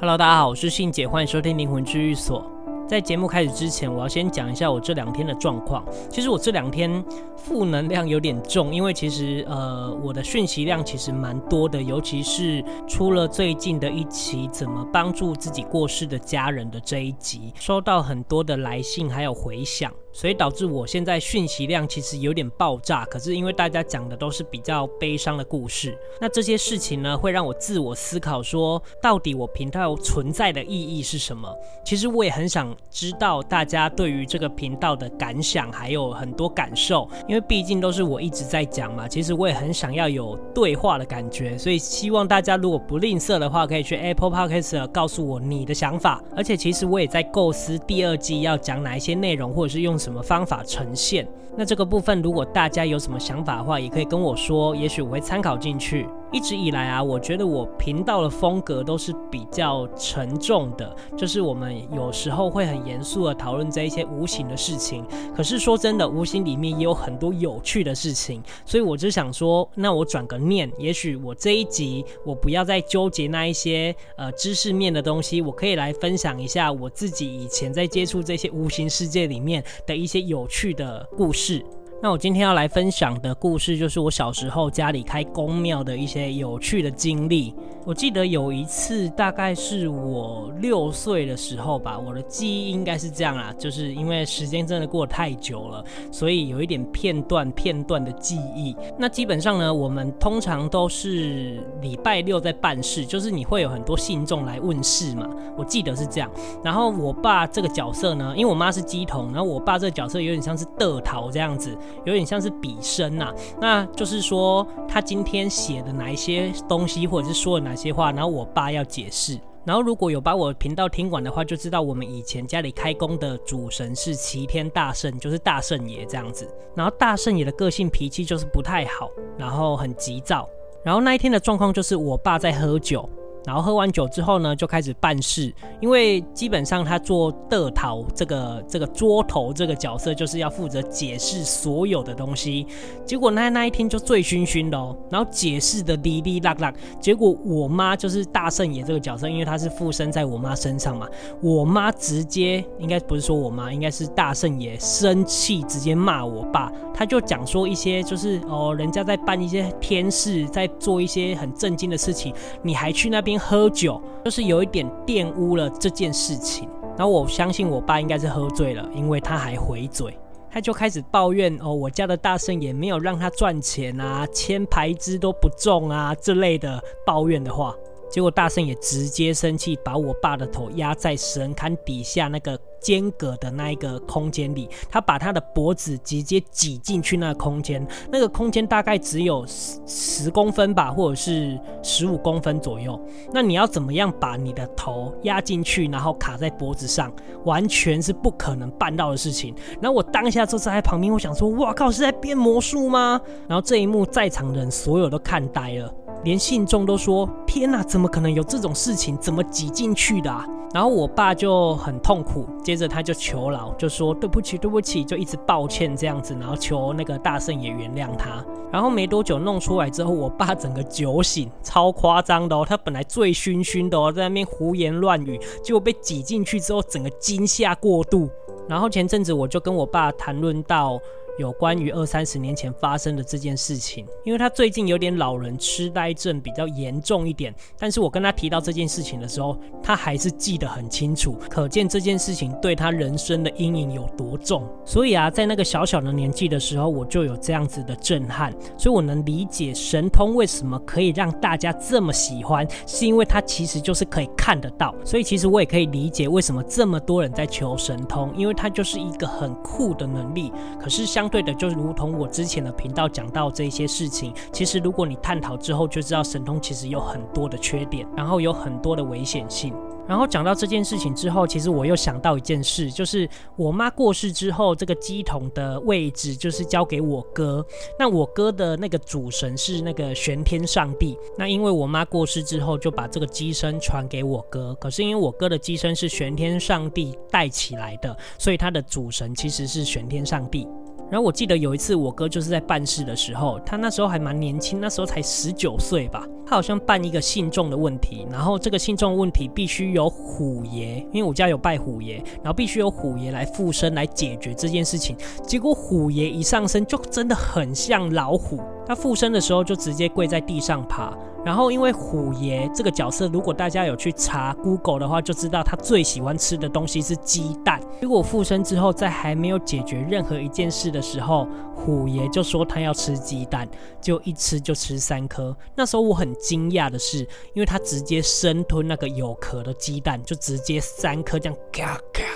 Hello，大家好，我是信姐，歡迎收聽靈魂治癒所。在節目開始之前，我要先講一下我這兩天的狀況。其實我這兩天負能量有點重，因為其實，呃，我的訊息量其實蠻多的，尤其是出了最近的一期《怎麼幫助自己過世的家人》的這一集，收到很多的來信還有回響。所以導致我現在訊息量其實有點爆炸，可是因為大家講的都是比較悲傷的故事，那這些事情呢會讓我自我思考，說到底我頻道存在的意義是什麼？其實我也很想知道大家對於這個頻道的感想，還有很多感受，因為畢竟都是我一直在講嘛。其實我也很想要有對話的感覺，所以希望大家如果不吝嗇的話，可以去 Apple Podcast 告訴我你的想法。而且其實我也在構思第二季要講哪一些內容，或者是用什麼方法呈現？那這個部分，如果大家有什麼想法的話，也可以跟我說，也許我會參考進去。一直以來啊，我覺得我頻道的風格都是比較沉重的，就是我們有時候會很嚴肅的討論這一些無形的事情。可是說真的，無形裡面也有很多有趣的事情，所以我只想說，那我轉個念，也許我這一集我不要再糾結那一些呃知識面的東西，我可以來分享一下我自己以前在接觸這些無形世界裡面的一些有趣的故事。那我今天要來分享的故事，就是我小時候家裡開宮廟的一些有趣的經歷。我記得有一次，大概是我六歲的時候吧，我的記憶應該是這樣啦，就是因為時間真的過得太久了，所以有一點片段片段的記憶。那基本上呢，我們通常都是禮拜六在辦事，就是你會有很多信眾來問事嘛，我記得是這樣。然後我爸這個角色呢，因為我媽是乩童，然後我爸這個角色有點像是得桃這樣子。有點像是筆生吶，那就是說他今天寫的哪一些東西，或者是說了哪些話，然後我爸要解釋。然後如果有把我頻道聽完的話，就知道我們以前家裡開宮的主神是齊天大聖，就是大聖爺這樣子。然後大聖爺的個性脾氣就是不太好，然後很急躁。然後那一天的狀況就是我爸在喝酒。然後喝完酒之後呢，就開始辦事。因為基本上他做得桃這個這個桌頭這個角色，就是要負責解釋所有的東西。結果那那一天就醉醺醺的哦，然後解釋的哩哩啦啦。結果我媽就是大聖爺這個角色，因為她是附身在我媽身上嘛，我媽直接應該不是說我媽，應該是大聖爺生氣，直接罵我爸。他就講說一些就是哦，人家在辦一些天事，在做一些很震驚的事情，你還去那邊，喝酒就是有一點玷污了這件事情。然後我相信我爸應該是喝醉了，因為他還回嘴，他就開始抱怨哦，我家的大聖也沒有讓他賺錢啊，籤牌子都不中啊，這類的抱怨的話。結果大聖也直接生氣，把我爸的頭壓在神龕底下那個間隔的那一個空間裡，他把他的脖子直接擠進去那個空間，那個空間大概只有十十公分吧，或者是十五公分左右。那你要怎麼樣把你的頭壓進去，然後卡在脖子上，完全是不可能辦到的事情。然後我當下坐在旁邊，我想說：哇靠，是在變魔術嗎？然後這一幕在場人所有都看呆了。連信眾都說：“天啊，怎麼可能有這種事情？怎麼擠進去的啊？”然後我爸就很痛苦，接着他就求饒，就說：“對不起，對不起。”就一直抱歉這樣子，然後求那個大聖也原諒他。然後沒多久弄出來之後，我爸整個酒醒，超誇張的哦，他本來醉醺醺的哦，在那邊胡言亂語，結果被擠進去之後，整個驚嚇過度。然後前陣子我就跟我爸談論到。有關於二三十年前發生的這件事情，因為他最近有點老人痴呆症，比較嚴重一點，但是我跟他提到這件事情的時候，他還是記得很清楚，可見這件事情對他人生的陰影有多重。所以啊，在那個小小的年紀的時候，我就有這樣子的震撼。所以我能理解神通為什麼可以讓大家這麼喜歡，是因為他其實就是可以看得到。所以其實我也可以理解為什麼這麼多人在求神通，因為他就是一個很酷的能力。可是相對的，就如同我之前的頻道講到這些事情，其實如果你探討之後，就知道神通其實有很多的缺點，然後有很多的危險性。然後講到這件事情之後，其實我又想到一件事，就是我媽過世之後，這個乩童的位置就是交給我哥。那我哥的那個主神是那個玄天上帝。那因為我媽過世之後，就把這個乩身傳給我哥。可是因為我哥的乩身是玄天上帝帶起來的，所以他的主神其實是玄天上帝。然後我記得有一次，我哥就是在辦事的時候，他那時候還蠻年輕，那時候才十九歲吧。他好像辦一個信眾的問題，然後這個信眾問題必須有虎爺，因為我家有拜虎爺，然後必須有虎爺來附身來解決這件事情。結果虎爺一上身，就真的很像老虎。他附身的時候就直接跪在地上爬，然後因為虎爺這個角色，如果大家有去查 Google 的話，就知道他最喜歡吃的東西是雞蛋。結果附身之後，在還沒有解決任何一件事的時候，虎爺就說他要吃雞蛋，就一吃就吃三顆。那時候我很驚訝的是，因為他直接生吞那個有殼的雞蛋，就直接三顆這樣咔咔。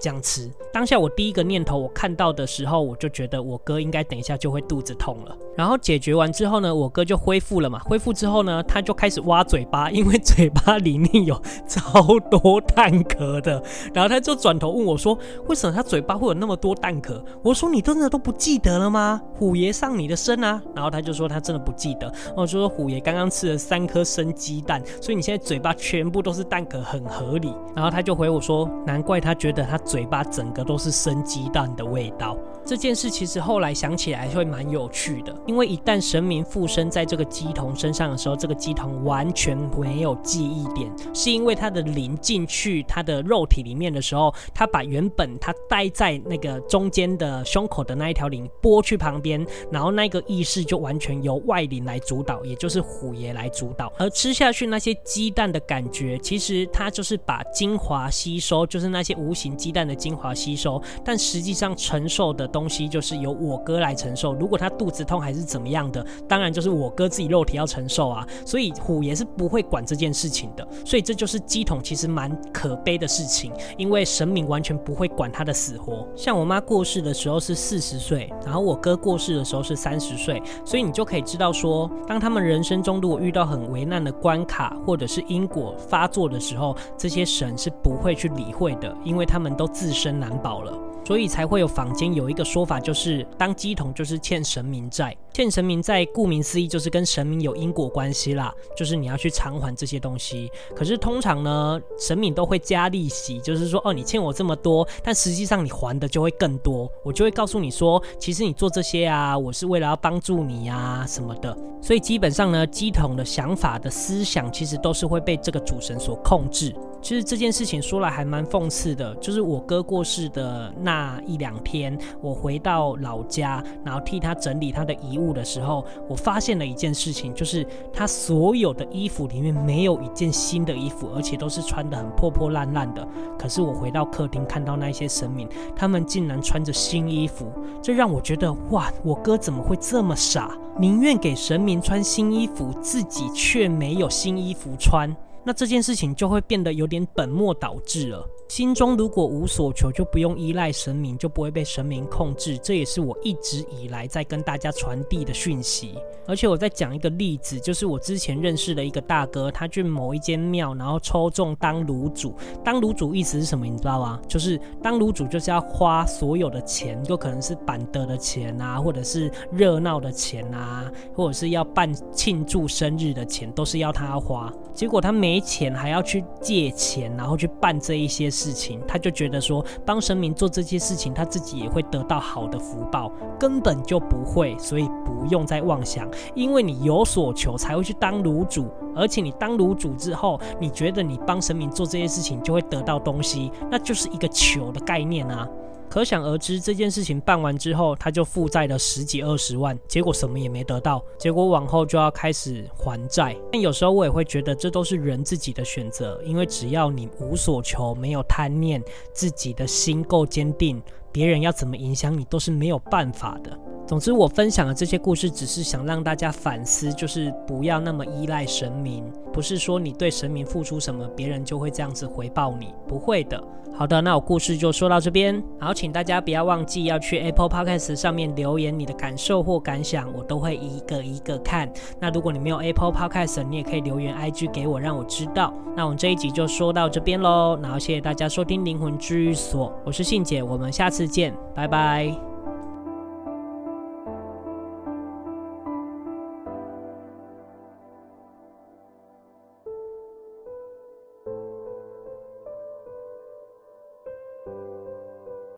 這樣吃，當下我第一個念頭，我看到的時候，我就覺得我哥應該等一下就會肚子痛了。然後解決完之後呢，我哥就恢復了嘛。恢復之後呢，他就開始挖嘴巴，因為嘴巴裡面有超多蛋殼的。然後他就轉頭問我說：“為什麼他嘴巴會有那麼多蛋殼？”我說：“你真的都不記得了嗎？”虎爺上你的身啊！然後他就說他真的不記得。然後我就說虎爺剛剛吃了三顆生雞蛋，所以你現在嘴巴全部都是蛋殼，很合理。然後他就回我說：“難怪他覺得。”他嘴巴整個都是生雞蛋的味道。這件事其實後來想起來會蠻有趣的，因為一旦神明附身在這個乩童身上的時候，這個乩童完全沒有記憶點，是因為他的靈進去他的肉體裡面的時候，他把原本他待在那個中間的胸口的那一條靈撥去旁邊，然後那個意識就完全由外靈來主導，也就是虎爺來主導。而吃下去那些雞蛋的感覺，其實他就是把精華吸收，就是那些無形雞蛋的精華吸收，但實際上承受的都。東西就是由我哥來承受，如果他肚子痛還是怎麼樣的，當然就是我哥自己肉體要承受啊。所以虎爺是不會管這件事情的，所以這就是乩童，其實蠻可悲的事情，因為神明完全不會管他的死活。像我媽過世的時候是四十歲，然後我哥過世的時候是三十歲，所以你就可以知道說，當他們人生中如果遇到很危難的關卡或者是因果發作的時候，這些神是不會去理會的，因為他們都自身難保了。所以才會有坊間有一個說法，就是當乩童就是欠神明債，欠神明債，顧名思義就是跟神明有因果關係啦，就是你要去償還這些東西。可是通常呢，神明都會加利息，就是說，哦，你欠我這麼多，但實際上你還的就會更多，我就會告訴你說，其實你做這些啊，我是為了要幫助你呀、啊、什麼的。所以基本上呢，乩童的想法的思想，其實都是會被這個主神所控制。其實這件事情說來還蠻諷刺的，就是我哥過世的那一兩天，我回到老家，然後替他整理他的遺物的時候，我發現了一件事情，就是他所有的衣服裡面沒有一件新的衣服，而且都是穿得很破破爛爛的。可是我回到客廳看到那些神明，他們竟然穿着新衣服，這讓我覺得哇，我哥怎麼會這麼傻，寧願給神明穿新衣服，自己卻沒有新衣服穿。那這件事情就會變得有點本末倒置了。心中如果無所求，就不用依賴神明，就不會被神明控制。這也是我一直以來在跟大家傳遞的訊息。而且我再講一個例子，就是我之前認識了一個大哥，他去某一間廟，然後抽中當爐主。當爐主意思是什麼？你知道嗎？就是當爐主就是要花所有的錢，就可能是板德的錢啊，或者是熱鬧的錢啊，或者是要辦慶祝生日的錢，都是要他花。結果他每沒錢還要去借錢，然後去辦這一些事情，他就覺得說幫神明做這些事情，他自己也會得到好的福報，根本就不會，所以不用再妄想，因為你有所求才會去當爐主，而且你當爐主之後，你覺得你幫神明做這些事情就會得到東西，那就是一個求的概念啊。可想而知，這件事情辦完之後，他就負債了十幾二十萬，結果什麼也沒得到，結果往後就要開始還債。但有時候我也會覺得，這都是人自己的選擇，因為只要你無所求，沒有貪念，自己的心夠堅定。別人要怎麼影響你都是沒有辦法的。總之，我分享的這些故事只是想讓大家反思，就是不要那麼依賴神明。不是說你對神明付出什麼，別人就會這樣子回報你，不會的。好的，那我故事就說到這邊，然後請大家不要忘記要去 Apple Podcast 上面留言你的感受或感想，我都會一個一個看。那如果你沒有 Apple Podcast，你也可以留言 IG 給我，讓我知道。那我們這一集就說到這邊嘍，然後謝謝大家收聽《靈魂居所》，我是信姐，我們下次。再見，拜拜。